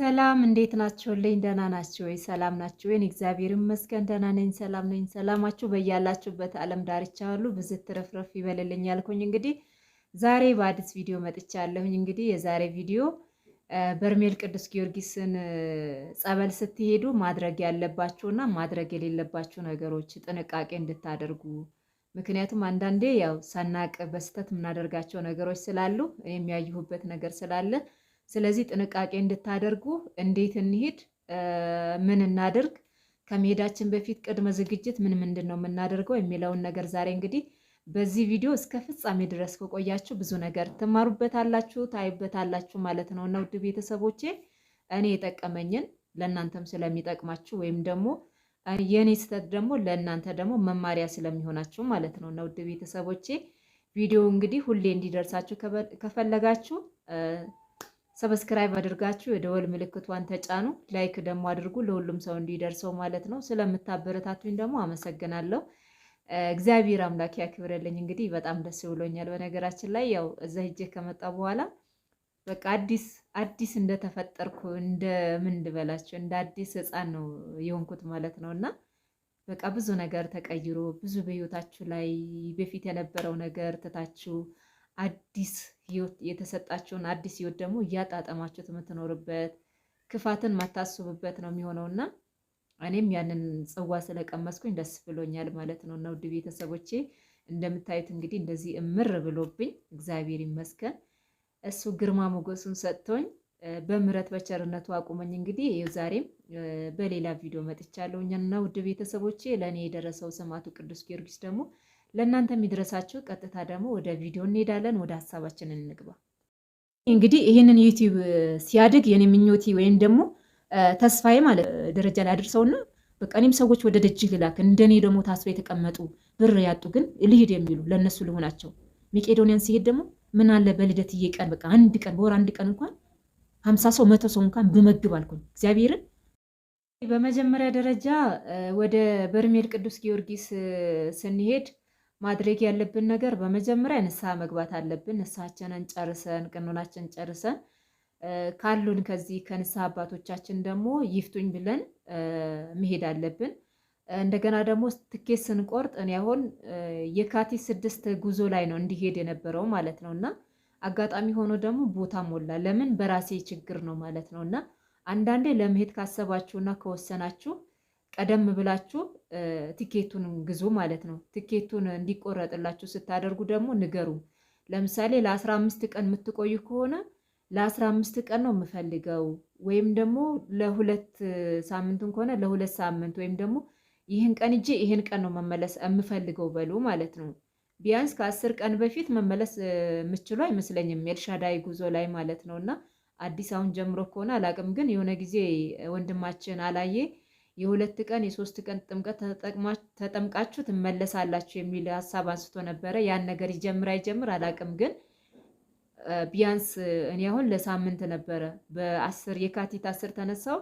ሰላም እንዴት ናችሁልኝ? ደህና ናችሁ ወይ? ሰላም ናችሁ ወይ? እግዚአብሔር ይመስገን ደህና ነኝ፣ ሰላም ነኝ። ሰላማችሁ በያላችሁበት ዓለም ዳርቻ ሁሉ ብዝት ትረፍረፍ ይበልልኝ ያልኩኝ እንግዲህ ዛሬ በአዲስ ቪዲዮ መጥቻለሁኝ። እንግዲህ የዛሬ ቪዲዮ በርሜል ቅዱስ ጊዮርጊስን ጸበል ስትሄዱ ማድረግ ያለባችሁና ማድረግ የሌለባችሁ ነገሮች ጥንቃቄ እንድታደርጉ ምክንያቱም አንዳንዴ ያው ሳናቅ በስተት የምናደርጋቸው ነገሮች ስላሉ የሚያዩሁበት ነገር ስላለ ስለዚህ ጥንቃቄ እንድታደርጉ እንዴት እንሂድ፣ ምን እናድርግ፣ ከመሄዳችን በፊት ቅድመ ዝግጅት ምን ምንድን ነው የምናደርገው የሚለውን ነገር ዛሬ እንግዲህ በዚህ ቪዲዮ እስከ ፍጻሜ ድረስ ከቆያችሁ ብዙ ነገር ትማሩበታላችሁ፣ ታዩበታላችሁ ማለት ነው እና ውድ ቤተሰቦቼ እኔ የጠቀመኝን ለእናንተም ስለሚጠቅማችሁ ወይም ደግሞ የእኔ ስህተት ደግሞ ለእናንተ ደግሞ መማሪያ ስለሚሆናችሁ ማለት ነው እና ውድ ቤተሰቦቼ ቪዲዮ እንግዲህ ሁሌ እንዲደርሳችሁ ከፈለጋችሁ ሰብስክራይብ አድርጋችሁ የደወል ምልክቷን ተጫኑ። ላይክ ደግሞ አድርጉ ለሁሉም ሰው እንዲደርሰው ማለት ነው። ስለምታበረታቱኝ ደግሞ አመሰግናለሁ። እግዚአብሔር አምላክ ያክብረልኝ። እንግዲህ በጣም ደስ ብሎኛል። በነገራችን ላይ ያው እዛ ሄጄ ከመጣ በኋላ በቃ አዲስ አዲስ እንደተፈጠርኩ እንደ ምን ልበላቸው እንደ አዲስ ሕፃን ነው የሆንኩት ማለት ነው እና በቃ ብዙ ነገር ተቀይሮ ብዙ በህይወታችሁ ላይ በፊት የነበረው ነገር ትታችሁ አዲስ ህይወት የተሰጣቸውን አዲስ ህይወት ደግሞ እያጣጠማቸው የምትኖርበት ክፋትን ማታስቡበት ነው የሚሆነው እና እኔም ያንን ጽዋ ስለቀመስኩኝ ደስ ብሎኛል ማለት ነው። እና ውድ ቤተሰቦቼ እንደምታዩት እንግዲህ እንደዚህ እምር ብሎብኝ እግዚአብሔር ይመስገን እሱ ግርማ ሞገሱን ሰጥቶኝ በምረት በቸርነቱ አቁመኝ። እንግዲህ ዛሬም በሌላ ቪዲዮ መጥቻለሁ እና ውድ ቤተሰቦቼ ለእኔ የደረሰው ሰማዕቱ ቅዱስ ጊዮርጊስ ደግሞ ለእናንተ የሚደረሳችሁ። ቀጥታ ደግሞ ወደ ቪዲዮ እንሄዳለን። ወደ ሀሳባችን እንግባ። እንግዲህ ይህንን ዩቲዩብ ሲያድግ የኔ ምኞቴ ወይም ደግሞ ተስፋዬ ማለት ደረጃ ላይ አድርሰውና በቃ እኔም ሰዎች ወደ ደጅህ ልላክ እንደኔ ደግሞ ታስበው የተቀመጡ ብር ያጡ ግን ልሂድ የሚሉ ለእነሱ ልሆናቸው። መቄዶንያን ሲሄድ ደግሞ ምን አለ በልደት እየቀን በቃ አንድ ቀን በወር አንድ ቀን እንኳን ሀምሳ ሰው መቶ ሰው እንኳን ብመግብ አልኩኝ እግዚአብሔርን። በመጀመሪያ ደረጃ ወደ በርሜል ቅዱስ ጊዮርጊስ ስንሄድ ማድረግ ያለብን ነገር በመጀመሪያ ንስሐ መግባት አለብን። ንስሐችንን ጨርሰን ቅኖናችን ጨርሰን ካሉን ከዚህ ከንስሐ አባቶቻችን ደግሞ ይፍቱኝ ብለን መሄድ አለብን። እንደገና ደግሞ ትኬት ስንቆርጥ እኔ አሁን የካቲት ስድስት ጉዞ ላይ ነው እንዲሄድ የነበረው ማለት ነው እና አጋጣሚ ሆኖ ደግሞ ቦታ ሞላ። ለምን በራሴ ችግር ነው ማለት ነው እና አንዳንዴ ለመሄድ ካሰባችሁና ከወሰናችሁ ቀደም ብላችሁ ትኬቱን ግዙ ማለት ነው። ትኬቱን እንዲቆረጥላችሁ ስታደርጉ ደግሞ ንገሩ። ለምሳሌ ለ15 ቀን የምትቆዩ ከሆነ ለ15 ቀን ነው የምፈልገው ወይም ደግሞ ለሁለት ሳምንትም ከሆነ ለሁለት ሳምንት ወይም ደግሞ ይህን ቀን እጂ ይህን ቀን ነው መመለስ የምፈልገው በሉ ማለት ነው። ቢያንስ ከአስር ቀን በፊት መመለስ የምችሉ አይመስለኝም ኤልሻዳይ ጉዞ ላይ ማለት ነው። እና አዲስ አሁን ጀምሮ ከሆነ አላቅም፣ ግን የሆነ ጊዜ ወንድማችን አላየ የሁለት ቀን የሶስት ቀን ጥምቀት ተጠምቃችሁ ትመለሳላችሁ የሚል ሀሳብ አንስቶ ነበረ። ያን ነገር ይጀምር አይጀምር አላቅም፣ ግን ቢያንስ እኔ አሁን ለሳምንት ነበረ በአስር የካቲት አስር ተነሳው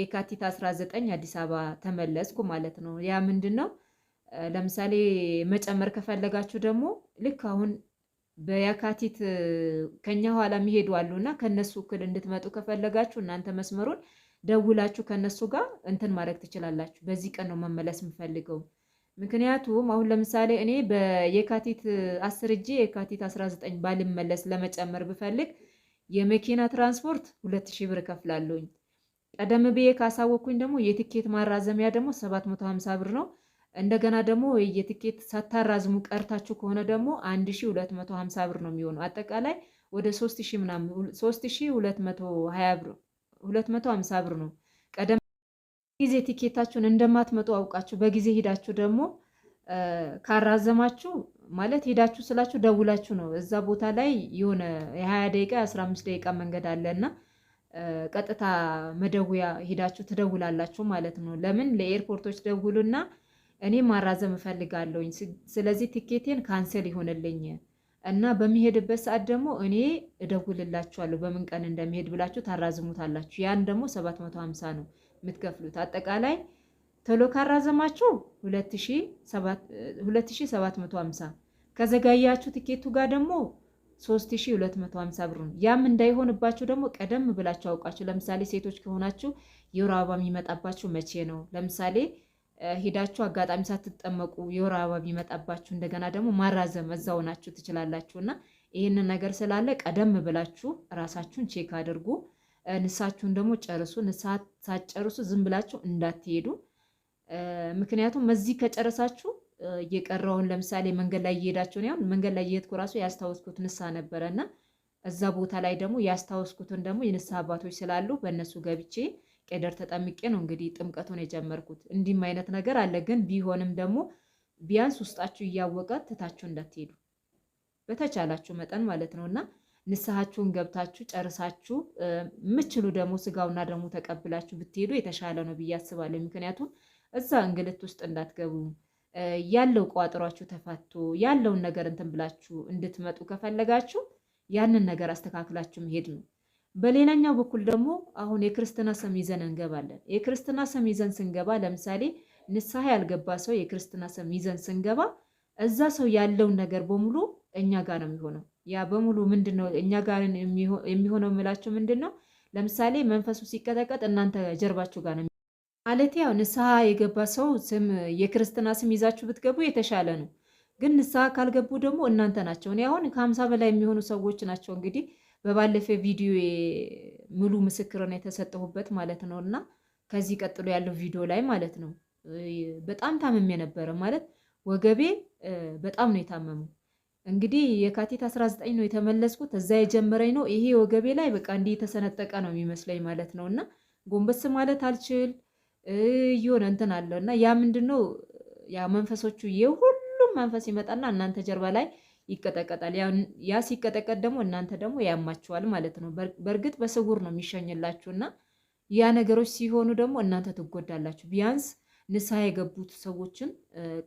የካቲት 19 አዲስ አበባ ተመለስኩ ማለት ነው። ያ ምንድን ነው? ለምሳሌ መጨመር ከፈለጋችሁ ደግሞ ልክ አሁን በየካቲት ከኛ ኋላ የሚሄዱ አሉ እና ከእነሱ እክል እንድትመጡ ከፈለጋችሁ እናንተ መስመሩን ደውላችሁ ከነሱ ጋር እንትን ማድረግ ትችላላችሁ። በዚህ ቀን ነው መመለስ የምፈልገው። ምክንያቱም አሁን ለምሳሌ እኔ የካቲት አስር እጄ የካቲት 19 ባልመለስ ለመጨመር ብፈልግ የመኪና ትራንስፖርት ሁለት ሺህ ብር ከፍላለሁኝ። ቀደም ብዬ ካሳወቅኩኝ ደግሞ የትኬት ማራዘሚያ ደግሞ 750 ብር ነው። እንደገና ደግሞ የትኬት ሳታራዝሙ ቀርታችሁ ከሆነ ደግሞ 1250 ብር ነው የሚሆነው። አጠቃላይ ወደ 3220 ብር 250 ብር ነው። ቀደም ጊዜ ቲኬታችሁን እንደማትመጡ አውቃችሁ በጊዜ ሄዳችሁ ደግሞ ካራዘማችሁ ማለት ሄዳችሁ ስላችሁ ደውላችሁ ነው። እዛ ቦታ ላይ የሆነ የ20 ደቂቃ የ15 ደቂቃ መንገድ አለ እና ቀጥታ መደወያ ሄዳችሁ ትደውላላችሁ ማለት ነው። ለምን ለኤርፖርቶች ደውሉና እኔ ማራዘም እፈልጋለሁኝ፣ ስለዚህ ቲኬቴን ካንሰል ይሆንልኝ እና በሚሄድበት ሰዓት ደግሞ እኔ እደውልላችኋለሁ በምን ቀን እንደሚሄድ ብላችሁ ታራዝሙታላችሁ። ያን ደግሞ 750 ነው የምትከፍሉት። አጠቃላይ ቶሎ ካራዘማችሁ 2750፣ ከዘጋያችሁ ትኬቱ ጋር ደግሞ 3250 ብር ነው። ያም እንዳይሆንባችሁ ደግሞ ቀደም ብላችሁ አውቃችሁ፣ ለምሳሌ ሴቶች ከሆናችሁ የወር አበባ የሚመጣባችሁ መቼ ነው ለምሳሌ ሄዳችሁ አጋጣሚ ሳትጠመቁ የወር አበባ ቢመጣባችሁ እንደገና ደግሞ ማራዘም እዛው ናችሁ ትችላላችሁ። እና ይህንን ነገር ስላለ ቀደም ብላችሁ ራሳችሁን ቼክ አድርጉ። ንሳችሁን ደግሞ ጨርሱ። ንሳ ሳትጨርሱ ዝም ብላችሁ እንዳትሄዱ። ምክንያቱም እዚህ ከጨረሳችሁ እየቀረውን ለምሳሌ መንገድ ላይ እየሄዳችሁ ነው። መንገድ ላይ እየሄድኩ ራሱ ያስታወስኩት ንሳ ነበረ እና እዛ ቦታ ላይ ደግሞ ያስታወስኩትን ደግሞ የንሳ አባቶች ስላሉ በእነሱ ገብቼ ቄደር ተጠምቄ ነው እንግዲህ ጥምቀቱን የጀመርኩት። እንዲህም አይነት ነገር አለ። ግን ቢሆንም ደግሞ ቢያንስ ውስጣችሁ እያወቀ ትታችሁ እንዳትሄዱ በተቻላችሁ መጠን ማለት ነው እና ንስሐችሁን ገብታችሁ ጨርሳችሁ የምችሉ ደግሞ ስጋውና ደግሞ ተቀብላችሁ ብትሄዱ የተሻለ ነው ብዬ አስባለሁ። ምክንያቱም እዛ እንግልት ውስጥ እንዳትገቡ ያለው ቋጥሯችሁ ተፈቶ ያለውን ነገር እንትን ብላችሁ እንድትመጡ ከፈለጋችሁ ያንን ነገር አስተካክላችሁ መሄድ ነው። በሌላኛው በኩል ደግሞ አሁን የክርስትና ስም ይዘን እንገባለን። የክርስትና ስም ይዘን ስንገባ ለምሳሌ ንስሐ ያልገባ ሰው የክርስትና ስም ይዘን ስንገባ እዛ ሰው ያለውን ነገር በሙሉ እኛ ጋር ነው የሚሆነው። ያ በሙሉ ምንድን ነው እኛ ጋር የሚሆነው የምላቸው ምንድን ነው? ለምሳሌ መንፈሱ ሲቀጠቀጥ እናንተ ጀርባችሁ ጋር ነው ማለት። ያው ንስሐ የገባ ሰው ስም የክርስትና ስም ይዛችሁ ብትገቡ የተሻለ ነው። ግን ንስሐ ካልገቡ ደግሞ እናንተ ናቸው። እኔ አሁን ከሀምሳ በላይ የሚሆኑ ሰዎች ናቸው እንግዲህ በባለፈ ቪዲዮ ሙሉ ምስክርን የተሰጠሁበት ማለት ነው እና ከዚህ ቀጥሎ ያለው ቪዲዮ ላይ ማለት ነው በጣም ታምሜ ነበረ ማለት ወገቤ በጣም ነው የታመመው። እንግዲህ የካቲት 19 ነው የተመለስኩት። እዛ የጀመረኝ ነው ይሄ ወገቤ ላይ በቃ እንዲህ የተሰነጠቀ ነው የሚመስለኝ ማለት ነው እና ጎንበስ ማለት አልችል እየሆነ እንትን አለው እና ያ ምንድን ነው ያ መንፈሶቹ የሁሉም መንፈስ ይመጣና እናንተ ጀርባ ላይ ይቀጠቀጣል። ያ ሲቀጠቀጥ ደግሞ እናንተ ደግሞ ያማችኋል ማለት ነው። በእርግጥ በስውር ነው እና ያ ነገሮች ሲሆኑ ደግሞ እናንተ ትጎዳላችሁ። ቢያንስ ንሳ የገቡት ሰዎችን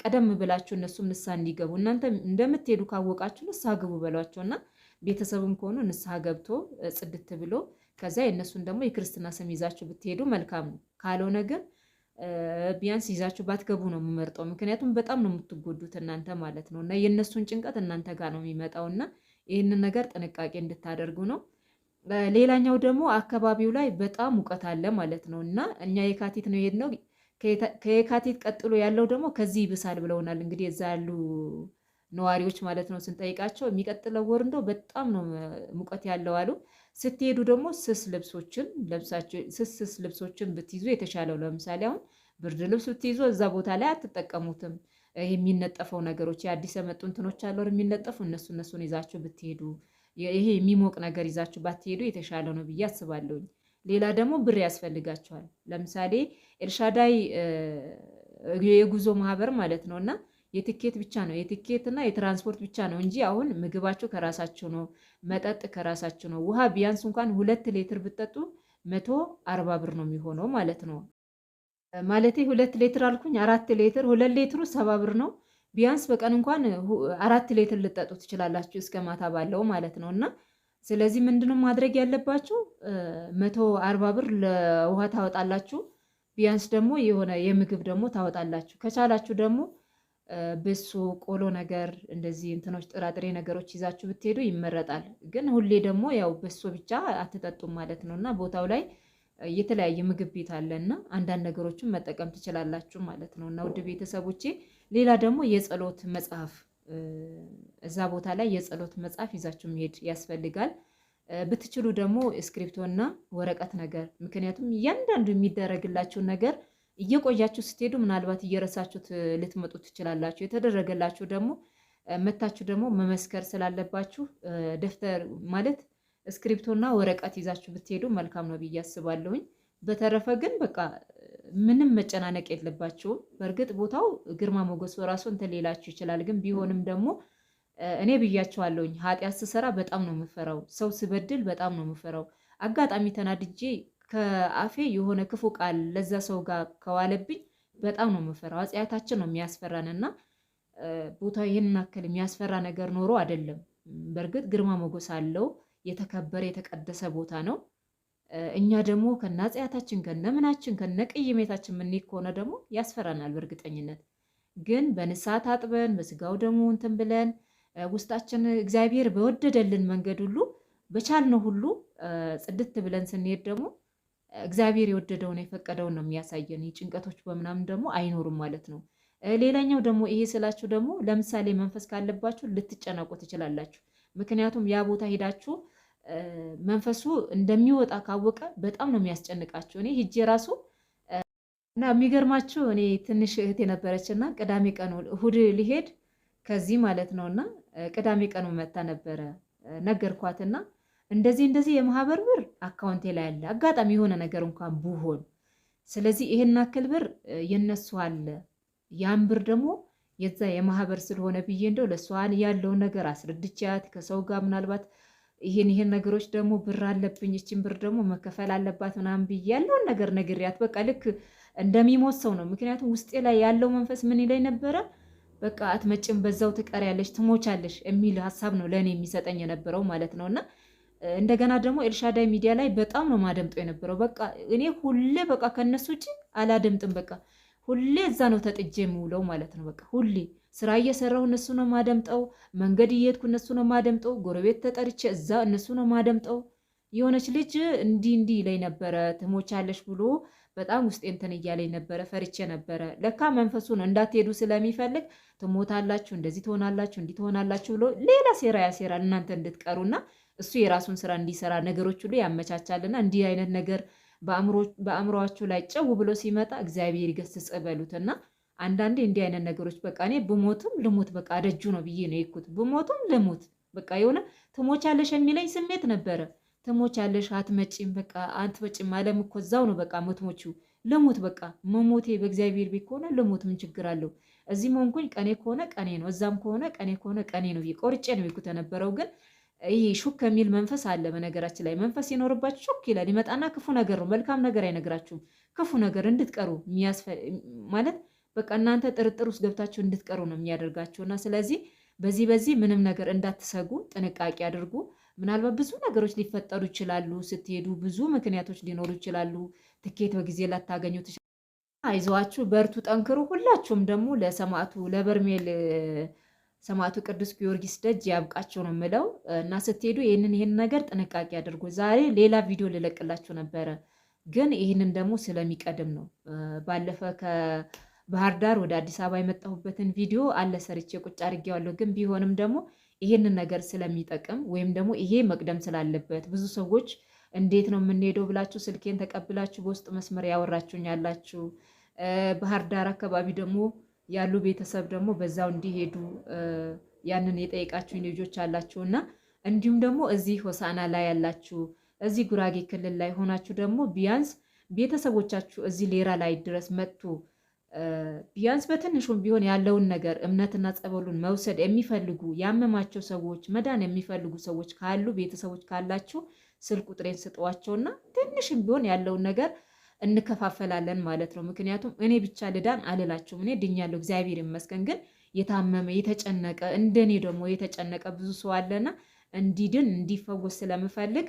ቀደም ብላችሁ እነሱም ንሳ እንዲገቡ እናንተ እንደምትሄዱ ካወቃችሁ ንሳ ግቡ በሏቸውና ቤተሰብም ከሆኑ ንሳ ገብቶ ጽድት ብሎ ከዛ የእነሱን ደግሞ የክርስትና ስም ይዛችሁ ብትሄዱ መልካም ነው። ካልሆነ ግን ቢያንስ ይዛችሁ ባትገቡ ነው የምመርጠው። ምክንያቱም በጣም ነው የምትጎዱት እናንተ ማለት ነው። እና የእነሱን ጭንቀት እናንተ ጋር ነው የሚመጣው እና ይህንን ነገር ጥንቃቄ እንድታደርጉ ነው። ሌላኛው ደግሞ አካባቢው ላይ በጣም ሙቀት አለ ማለት ነው እና እኛ የካቲት ነው የሄድነው። ከየካቲት ቀጥሎ ያለው ደግሞ ከዚህ ይብሳል ብለውናል። እንግዲህ እዛ ያሉ ነዋሪዎች ማለት ነው ስንጠይቃቸው የሚቀጥለው ወር እንደው በጣም ነው ሙቀት ያለው አሉ። ስትሄዱ ደግሞ ስስ ልብሶችን ስስ ስስ ልብሶችን ብትይዙ የተሻለው። ለምሳሌ አሁን ብርድ ልብስ ብትይዙ እዛ ቦታ ላይ አትጠቀሙትም። የሚነጠፈው ነገሮች የአዲስ የመጡ እንትኖች አሉ የሚነጠፉ እነሱ እነሱን ይዛችሁ ብትሄዱ ይሄ የሚሞቅ ነገር ይዛችሁ ባትሄዱ የተሻለ ነው ብዬ አስባለሁኝ። ሌላ ደግሞ ብር ያስፈልጋቸዋል። ለምሳሌ ኤልሻዳይ የጉዞ ማህበር ማለት ነው እና የትኬት ብቻ ነው የትኬት እና የትራንስፖርት ብቻ ነው እንጂ አሁን ምግባቸው ከራሳቸው ነው፣ መጠጥ ከራሳቸው ነው። ውሃ ቢያንስ እንኳን ሁለት ሌትር ብጠጡ መቶ አርባ ብር ነው የሚሆነው ማለት ነው። ማለት ሁለት ሌትር አልኩኝ አራት ሌትር ሁለት ሌትሩ ሰባ ብር ነው። ቢያንስ በቀን እንኳን አራት ሌትር ልጠጡ ትችላላችሁ እስከ ማታ ባለው ማለት ነው እና ስለዚህ ምንድነው ማድረግ ያለባችሁ? መቶ አርባ ብር ለውሃ ታወጣላችሁ። ቢያንስ ደግሞ የሆነ የምግብ ደግሞ ታወጣላችሁ። ከቻላችሁ ደግሞ ብሶ ቆሎ ነገር እንደዚህ እንትኖች ጥራጥሬ ነገሮች ይዛችሁ ብትሄዱ ይመረጣል። ግን ሁሌ ደግሞ ያው ብሶ ብቻ አትጠጡም ማለት ነው እና ቦታው ላይ የተለያየ ምግብ ቤት አለ እና አንዳንድ ነገሮችን መጠቀም ትችላላችሁ ማለት ነው እና ውድ ቤተሰቦቼ፣ ሌላ ደግሞ የጸሎት መጽሐፍ እዛ ቦታ ላይ የጸሎት መጽሐፍ ይዛችሁ መሄድ ያስፈልጋል። ብትችሉ ደግሞ እስክሪፕቶና ወረቀት ነገር ምክንያቱም እያንዳንዱ የሚደረግላችሁን ነገር እየቆያችሁ ስትሄዱ ምናልባት እየረሳችሁት ልትመጡ ትችላላችሁ። የተደረገላችሁ ደግሞ መታችሁ ደግሞ መመስከር ስላለባችሁ ደፍተር ማለት እስክሪፕቶና ወረቀት ይዛችሁ ብትሄዱ መልካም ነው ብዬ አስባለሁኝ። በተረፈ ግን በቃ ምንም መጨናነቅ የለባችሁም። በእርግጥ ቦታው ግርማ ሞገሱ ራሱ እንትን ሌላችሁ ይችላል። ግን ቢሆንም ደግሞ እኔ ብያቸዋለሁኝ ኃጢአት ስሰራ በጣም ነው የምፈራው። ሰው ስበድል በጣም ነው የምፈራው። አጋጣሚ ተናድጄ ከአፌ የሆነ ክፉ ቃል ለዛ ሰው ጋር ከዋለብኝ በጣም ነው የምፈራው። አጽያታችን ነው የሚያስፈራን እና ቦታ ይህን አክል የሚያስፈራ ነገር ኖሮ አይደለም። በእርግጥ ግርማ ሞገስ አለው፣ የተከበረ የተቀደሰ ቦታ ነው። እኛ ደግሞ ከነ አጽያታችን ከነ ምናችን ከነ ቅይሜታችን ምን ከሆነ ደግሞ ያስፈራናል በእርግጠኝነት። ግን በንስሐ ታጥበን በስጋው ደግሞ እንትን ብለን ውስጣችን እግዚአብሔር በወደደልን መንገድ ሁሉ በቻልነው ሁሉ ጽድት ብለን ስንሄድ ደግሞ እግዚአብሔር የወደደውን የፈቀደውን ነው የሚያሳየን። ጭንቀቶች በምናምን ደግሞ አይኖሩም ማለት ነው። ሌላኛው ደግሞ ይሄ ስላችሁ ደግሞ ለምሳሌ መንፈስ ካለባችሁ ልትጨነቁ ትችላላችሁ። ምክንያቱም ያ ቦታ ሄዳችሁ መንፈሱ እንደሚወጣ ካወቀ በጣም ነው የሚያስጨንቃችሁ። እኔ ሂጄ ራሱ እና የሚገርማችሁ እኔ ትንሽ እህት የነበረች እና ቅዳሜ ቀኑ እሁድ ሊሄድ ከዚህ ማለት ነው እና ቅዳሜ ቀኑ መታ ነበረ ነገርኳትና እንደዚህ እንደዚህ የማህበር ብር አካውንቴ ላይ አለ፣ አጋጣሚ የሆነ ነገር እንኳን ብሆን፣ ስለዚህ ይሄን አክል ብር የነሱ አለ፣ ያን ብር ደግሞ የዛ የማህበር ስለሆነ ብዬ እንደው ለእሷን ያለውን ነገር አስረድቻት ከሰው ጋር ምናልባት ይሄን ይሄን ነገሮች ደግሞ ብር አለብኝ እችን ብር ደግሞ መከፈል አለባት ምናምን ብዬ ያለውን ነገር ነግሬያት፣ በቃ ልክ እንደሚሞት ሰው ነው። ምክንያቱም ውስጤ ላይ ያለው መንፈስ ምን ይለኝ ነበረ በቃ አትመጭም፣ በዛው ትቀሪያለሽ፣ ትሞቻለሽ የሚል ሀሳብ ነው ለእኔ የሚሰጠኝ የነበረው ማለት ነው እና እንደገና ደግሞ ኤልሻዳይ ሚዲያ ላይ በጣም ነው ማደምጠው የነበረው። በቃ እኔ ሁሌ በቃ ከነሱ ውጭ አላደምጥም። በቃ ሁሌ እዛ ነው ተጥጄ የምውለው ማለት ነው። በቃ ሁሌ ስራ እየሰራሁ እነሱ ነው ማደምጠው፣ መንገድ እየሄድኩ እነሱ ነው ማደምጠው፣ ጎረቤት ተጠርቼ እዛ እነሱ ነው ማደምጠው። የሆነች ልጅ እንዲህ እንዲህ ላይ ነበረ ትሞቻለሽ ብሎ በጣም ውስጤ እንትን እያለኝ ነበረ፣ ፈርቼ ነበረ። ለካ መንፈሱ ነው እንዳትሄዱ ስለሚፈልግ ትሞታላችሁ፣ እንደዚህ ትሆናላችሁ፣ እንዲህ ትሆናላችሁ ብሎ ሌላ ሴራ ያሴራል እናንተ እንድትቀሩና እሱ የራሱን ስራ እንዲሰራ ነገሮች ሁሉ ያመቻቻልና እንዲህ አይነት ነገር በአእምሯችሁ ላይ ጨው ብሎ ሲመጣ እግዚአብሔር ይገስጽ በሉትና አንዳንዴ እንዲህ አይነት ነገሮች በቃ እኔ ብሞትም ልሙት በቃ አደጁ ነው ብዬ ነው የኩት ብሞትም ልሙት በቃ የሆነ ትሞቻለሽ የሚለኝ ስሜት ነበረ። ትሞቻለሽ አትመጪም፣ በቃ አትመጪም፣ ዓለም እኮ እዛው ነው በቃ ምትሞቺው። ልሙት በቃ መሞቴ በእግዚአብሔር ቤት ከሆነ ልሙት ምን ችግር አለው? እዚህ ሆንኩኝ ቀኔ ከሆነ ቀኔ ነው፣ እዛም ከሆነ ቀኔ ከሆነ ቀኔ ነው ብዬ ቆርጬ ነው የኩት የነበረው ግን ይሄ ሹክ የሚል መንፈስ አለ። በነገራችን ላይ መንፈስ ይኖርባችሁ ሹክ ይላል ይመጣና ክፉ ነገር ነው። መልካም ነገር አይነግራችሁም። ክፉ ነገር እንድትቀሩ ማለት በቃ እናንተ ጥርጥር ውስጥ ገብታችሁ እንድትቀሩ ነው እና ስለዚህ በዚህ በዚህ ምንም ነገር እንዳትሰጉ ጥንቃቄ አድርጉ። ምናልባት ብዙ ነገሮች ሊፈጠሩ ይችላሉ። ስትሄዱ ብዙ ምክንያቶች ሊኖሩ ይችላሉ። ትኬት በጊዜ ላታገኙ አይዟችሁ፣ በርቱ፣ ጠንክሩ። ሁላችሁም ደግሞ ለሰማዕቱ ለበርሜል ሰማዕቱ ቅዱስ ጊዮርጊስ ደጅ ያብቃቸው ነው የምለው እና ስትሄዱ ይህንን ይህን ነገር ጥንቃቄ አድርጎ ዛሬ ሌላ ቪዲዮ ልለቅላቸው ነበረ፣ ግን ይህንን ደግሞ ስለሚቀድም ነው ባለፈ ከባህር ዳር ወደ አዲስ አበባ የመጣሁበትን ቪዲዮ አለ ሰርቼ ቁጭ አድርጌዋለሁ። ግን ቢሆንም ደግሞ ይህንን ነገር ስለሚጠቅም ወይም ደግሞ ይሄ መቅደም ስላለበት ብዙ ሰዎች እንዴት ነው የምንሄደው ብላችሁ ስልኬን ተቀብላችሁ በውስጥ መስመር ያወራችሁኝ ያላችሁ ባህር ዳር አካባቢ ደግሞ ያሉ ቤተሰብ ደግሞ በዛው እንዲሄዱ ያንን የጠየቃችሁኝ ልጆች አላችሁ እና እንዲሁም ደግሞ እዚህ ሆሳና ላይ ያላችሁ እዚህ ጉራጌ ክልል ላይ ሆናችሁ ደግሞ ቢያንስ ቤተሰቦቻችሁ እዚህ ሌራ ላይ ድረስ መጥቶ ቢያንስ በትንሹም ቢሆን ያለውን ነገር እምነትና ጸበሉን መውሰድ የሚፈልጉ ያመማቸው ሰዎች መዳን የሚፈልጉ ሰዎች ካሉ ቤተሰቦች ካላችሁ ስልክ ቁጥሬን ስጠዋቸውና ትንሽም ቢሆን ያለውን ነገር እንከፋፈላለን ማለት ነው። ምክንያቱም እኔ ብቻ ልዳን አልላችሁም። እኔ ድኛለሁ፣ እግዚአብሔር ይመስገን። ግን የታመመ የተጨነቀ እንደኔ ደግሞ የተጨነቀ ብዙ ሰው አለና እንዲድን እንዲፈወስ ስለምፈልግ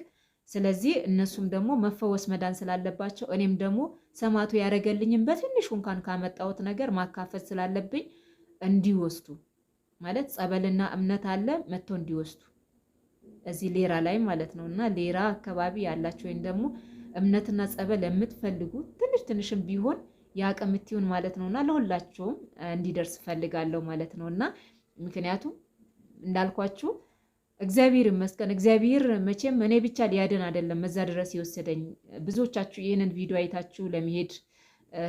ስለዚህ እነሱም ደግሞ መፈወስ መዳን ስላለባቸው እኔም ደግሞ ሰማዕቱ ያደረገልኝም በትንሹ እንኳን ካመጣሁት ነገር ማካፈል ስላለብኝ እንዲወስዱ ማለት ጸበልና እምነት አለ መጥተው እንዲወስዱ እዚህ ሌራ ላይ ማለት ነው እና ሌራ አካባቢ ያላቸው ወይም ደግሞ እምነትና ጸበል የምትፈልጉ ትንሽ ትንሽም ቢሆን የአቅምቲውን ማለት ነውና ለሁላችሁም እንዲደርስ ፈልጋለሁ ማለት ነውና ምክንያቱም እንዳልኳችሁ እግዚአብሔር ይመስገን። እግዚአብሔር መቼም እኔ ብቻ ሊያድን አይደለም እዛ ድረስ የወሰደኝ። ብዙዎቻችሁ ይህንን ቪዲዮ አይታችሁ ለመሄድ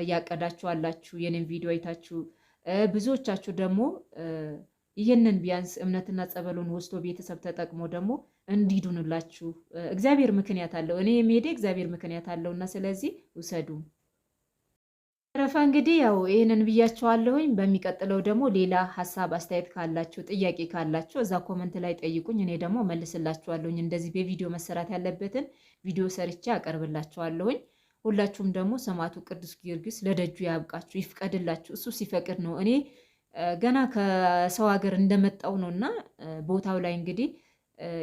እያቀዳችሁ አላችሁ። ይህንን ቪዲዮ አይታችሁ ብዙዎቻችሁ ደግሞ ይህንን ቢያንስ እምነትና ጸበሉን ወስዶ ቤተሰብ ተጠቅሞ ደግሞ እንዲዱንላችሁ እግዚአብሔር ምክንያት አለው። እኔ የመሄዴ እግዚአብሔር ምክንያት አለው እና ስለዚህ ውሰዱ። ረፋ እንግዲህ ያው ይህንን ብያቸዋለሁኝ። በሚቀጥለው ደግሞ ሌላ ሀሳብ አስተያየት ካላችሁ ጥያቄ ካላችሁ እዛ ኮመንት ላይ ጠይቁኝ፣ እኔ ደግሞ መልስላችኋለሁኝ። እንደዚህ በቪዲዮ መሰራት ያለበትን ቪዲዮ ሰርቼ አቀርብላችኋለሁኝ። ሁላችሁም ደግሞ ሰማዕቱ ቅዱስ ጊዮርጊስ ለደጁ ያብቃችሁ፣ ይፍቀድላችሁ። እሱ ሲፈቅድ ነው። እኔ ገና ከሰው ሀገር እንደመጣው ነው እና ቦታው ላይ እንግዲህ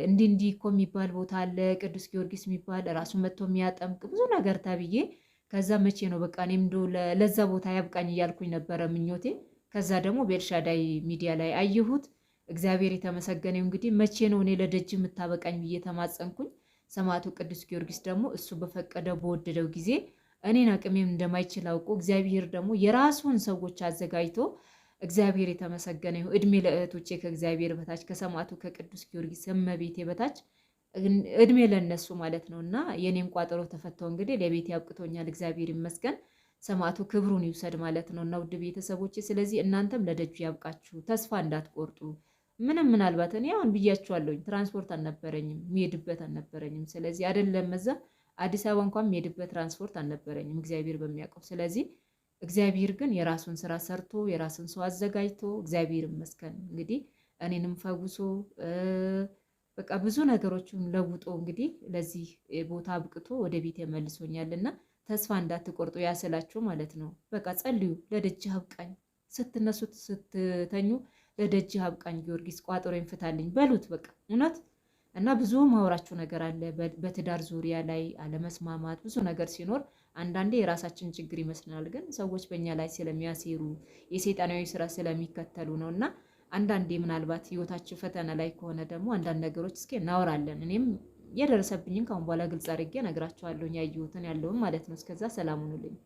እንዲህ እንዲህ እኮ የሚባል ቦታ አለ ቅዱስ ጊዮርጊስ የሚባል ራሱ መጥቶ የሚያጠምቅ ብዙ ነገር ተብዬ ከዛ መቼ ነው በቃ እኔም እንደው ለዛ ቦታ ያብቃኝ እያልኩኝ ነበረ ምኞቴ። ከዛ ደግሞ በኤልሻዳይ ሚዲያ ላይ አየሁት። እግዚአብሔር የተመሰገነው እንግዲህ መቼ ነው እኔ ለደጅ የምታበቃኝ ብዬ ተማጸንኩኝ። ሰማዕቱ ቅዱስ ጊዮርጊስ ደግሞ እሱ በፈቀደ በወደደው ጊዜ እኔን አቅሜም እንደማይችል አውቆ እግዚአብሔር ደግሞ የራሱን ሰዎች አዘጋጅቶ እግዚአብሔር የተመሰገነ ይሁን። እድሜ ለእህቶቼ ከእግዚአብሔር በታች ከሰማዕቱ ከቅዱስ ጊዮርጊስ እመቤቴ በታች እድሜ ለነሱ ማለት ነው እና የኔም ቋጠሮ ተፈቶ እንግዲህ ለቤት ያብቅቶኛል። እግዚአብሔር ይመስገን። ሰማዕቱ ክብሩን ይውሰድ ማለት ነው እና ውድ ቤተሰቦች፣ ስለዚህ እናንተም ለደጁ ያብቃችሁ፣ ተስፋ እንዳትቆርጡ። ምንም ምናልባት እኔ አሁን ብያችኋለሁኝ፣ ትራንስፖርት አልነበረኝም፣ የሚሄድበት አልነበረኝም። ስለዚህ አይደለም እዛ አዲስ አበባ እንኳን የሚሄድበት ትራንስፖርት አልነበረኝም፣ እግዚአብሔር በሚያውቀው ስለዚህ እግዚአብሔር ግን የራሱን ስራ ሰርቶ የራሱን ሰው አዘጋጅቶ እግዚአብሔር ይመስገን እንግዲህ እኔንም ፈውሶ በቃ ብዙ ነገሮችን ለውጦ እንግዲህ ለዚህ ቦታ አብቅቶ ወደ ቤት መልሶኛልና ተስፋ እንዳትቆርጡ ያስላችሁ ማለት ነው። በቃ ጸልዩ፣ ለደጅ አብቃኝ፣ ስትነሱት ስትተኙ ለደጅ አብቃኝ ጊዮርጊስ፣ ቋጥሮ ይንፍታልኝ በሉት። በቃ እውነት እና ብዙ ማውራችሁ ነገር አለ በትዳር ዙሪያ ላይ አለመስማማት ብዙ ነገር ሲኖር አንዳንዴ የራሳችን ችግር ይመስልናል፣ ግን ሰዎች በእኛ ላይ ስለሚያሴሩ የሰይጣናዊ ስራ ስለሚከተሉ ነው እና አንዳንዴ ምናልባት ህይወታችን ፈተና ላይ ከሆነ ደግሞ አንዳንድ ነገሮች እስኪ እናወራለን። እኔም የደረሰብኝን ከአሁን በኋላ ግልጽ አድርጌ ነግራችኋለሁ፣ ያየሁትን ያለውን ማለት ነው። እስከዛ ሰላም ሁኑልኝ።